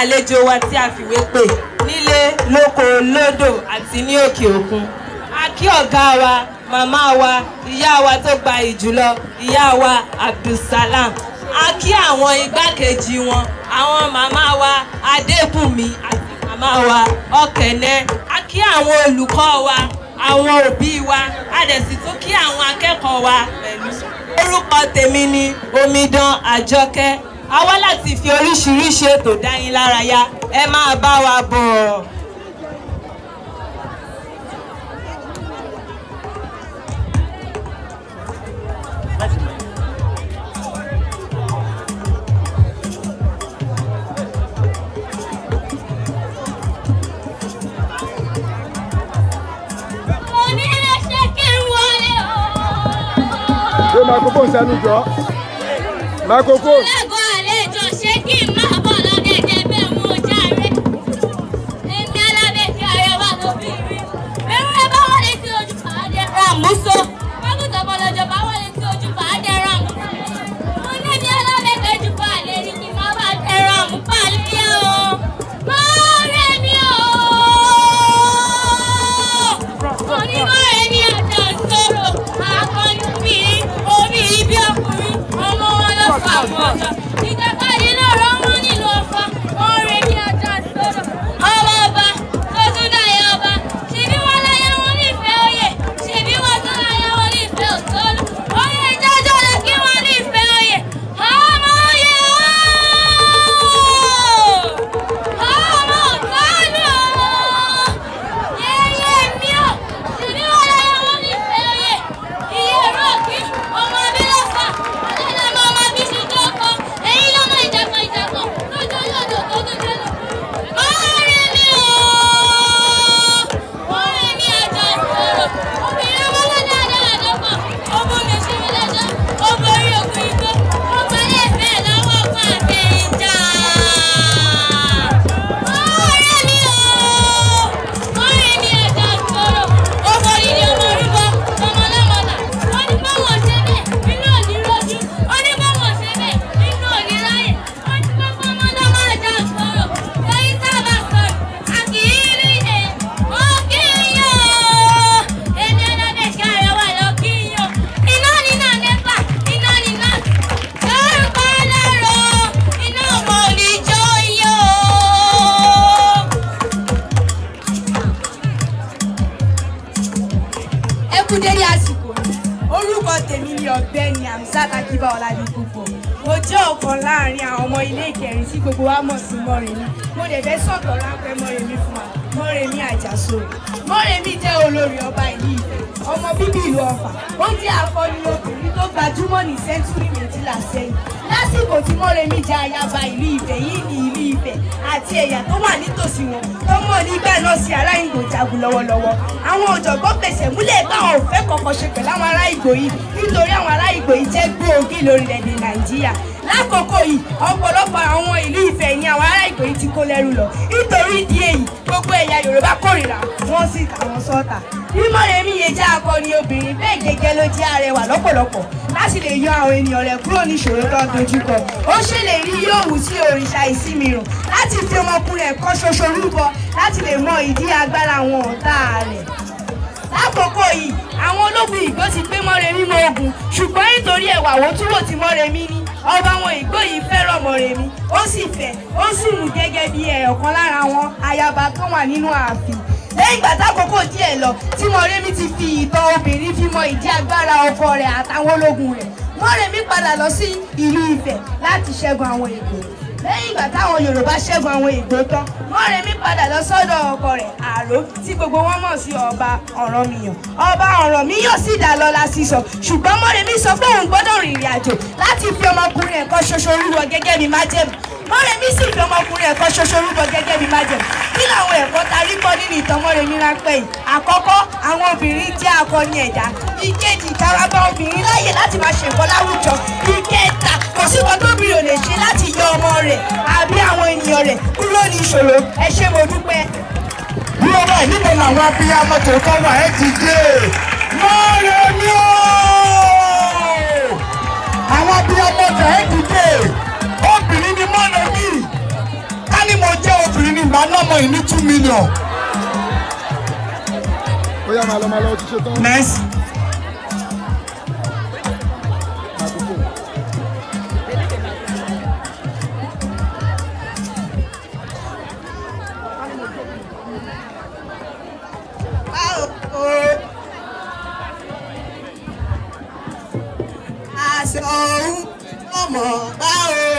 àlejò wa tí a fìwé pè nílé lóko lódò àti ní òkè òkun a kí ọ̀gá wa màmá wa ìyá wa tó gba ìjùlọ ìyá wa Abdulsalam a kí àwọn igbákejì wọn àwọn màmá wa Adébùnmi àti màmá wa Ọ̀kẹ́nẹ́ a kí àwọn olùkọ́ wa àwọn òbí wa a dẹ̀ kí àwọn akẹ́kọ̀ọ́ wa pẹ̀lú orúkọ tèmi ni Omidan Àjọkẹ́ a wá láti fi oríṣiríṣi ètò dá yín lárayá ẹ máa bá wa bọ̀. Microphone, Sanujo. Microphone. 没死。olórí ọ̀gbẹ́ni Hamzat Akínbá Ọládìpúpọ̀ mo jẹ́ ọ̀kan láàrin àwọn ọmọ ilé ìkẹrin tí gbogbo wa mọ̀ sí Mọ́remí mo dẹ̀ fẹ́ sọ̀tọ̀ ráńpẹ́ Mọ́remí fún wa Mọ́remí Àjàso Mọ́remí jẹ́ olórí ọba ìlú Ifẹ̀ ọmọ bíbí ìlú Ọ̀fà ó jẹ́ àfọ̀nì obìnrin tó gbajúmọ̀ ní sẹ́ńtúrì méjìlá sẹ́yìn lásìkò tí Mọ́remí jẹ ayaba ìlú Ifẹ̀ yìí ní ìlú Ifẹ̀ àti ẹ̀yà tó wà nítòsí wọn tó mọ̀ nígbà náà sí ará Ìgbò jagun lọ́wọ́lọ́wọ́ àwọn ọ̀jọ̀gbọ́n pèsè múlẹ̀ bá òfẹ́ kọ̀ọ̀kan ṣe pẹ̀lú àwọn ará yìí nítorí àwọn ará yìí jẹ́ gbòógì lórílẹ̀‐èdè Nàìjíríà lákòókò yìí ọ̀pọ̀lọpọ̀ àwọn ìlú Ifẹ̀ ni àwọn ará Ìgbò sọ́ta mímọ́ rẹ̀mí lè jẹ́ akọni obìnrin bẹ́ẹ̀ gẹ́gẹ́ ló jẹ́ arẹwà lọ́pọ̀lọpọ̀ láti lè yọ àwọn ènìyàn rẹ̀ kúrò ní tó ń dojúkọ ó ṣèlérí yóò wù sí òrìṣà ìsinmi rùn láti fi ọmọkùnrin rẹ̀ ṣoṣo rúbọ láti lè mọ ìdí agbára àwọn ọ̀tá rẹ̀ lákòókò yìí àwọn ológun ìgbó ti gbé mọ́remí mọ ogun ṣùgbọ́n nítorí ẹ̀wà wo túwò tí mọ́remí ní ọba àwọn ìgbó yìí fẹ́ràn mọ́remí ó sì fẹ́ ó sì mú gẹ́gẹ́ bí ẹ̀ ọ̀kan lára wọn ayaba tó wà nínú ààfin lẹ́yìn ìgbà tákòókò díẹ̀ lọ tí Mọ́rẹ́mí ti fi ìtàn obìnrin fi mọ ìdí agbára ọkọ rẹ̀ àtàwọn ológun rẹ̀ Mọ́rẹ́mí padà lọ sí ìlú Ifẹ̀ láti ṣẹ́gun àwọn ègbò lẹ́yìn ìgbà táwọn yorùbá ṣẹ́gun àwọn ìgbò tán mọ́rẹ̀mí padà lọ sọ́dọ̀ ọkọ rẹ̀ àró tí gbogbo wọn mọ̀ sí ọba ọ̀rànmíyàn ọba ọ̀rànmíyàn sì dá lọ́lá sísọ ṣùgbọ́n mọ́rẹ̀mí sọ pé òun gbọ́dọ̀ rìnrìn àjò láti fi ọmọkùnrin ẹ̀kan ṣoṣo rúbọ gẹ́gẹ́ bí májẹ̀mú mọ́rẹ̀mí sì fi ọmọkùnrin ẹ̀kan ṣoṣo rúbọ gẹ́gẹ́ bí májẹ̀mú kí làwọn ẹ̀kọ́ ta rí kọ́ nínú ìtàn mọ́rẹ̀mí ráńpẹ́ yìí àkọ́kọ́ àwọn obìnrin jẹ́ akọni ẹ̀dá ìkejì ìtara bá obìnrin láàyè láti máa ṣèkọ́ láwùjọ ìkẹta kò sí wọn tóbi ò lè ṣe ọmọ rẹ̀ àbí àwọn ènìyàn rẹ̀ kúrò ní ìṣòro ẹ ṣé mo dúpẹ́. bí ó bá níbo làwọn abiyamọ tòótọ́ wà ẹ ti dé lọ́ọ̀rẹ́ mi ó. àwọn abiyamọ tẹ̀ ẹ ti dé obìnrin ni mọ́nà mi ká ní mo jẹ́ obìnrin ni màá ìní two million. ó yá máa lọ máa lọ ó tán. aṣọ òun tó mọ̀ bá o.